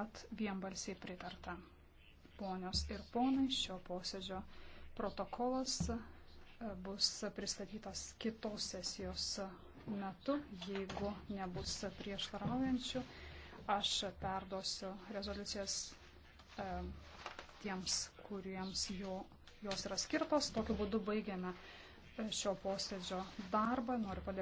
pat vienbalsiai pritarta. Ponios ir ponai, šio posėdžio protokolas e, bus pristatytas kitos sesijos metu, jeigu nebus prieštaraujančių. Aš perduosiu rezoliucijas e, tiems, kuriems jo, jos yra skirtos. Tokiu būdu baigiame e, šio posėdžio darbą. Noriu padėkoti.